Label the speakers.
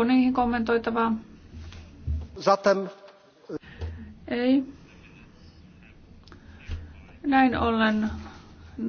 Speaker 1: Onko niihin kommentoitavaa? Zatem. Ei. Näin ollen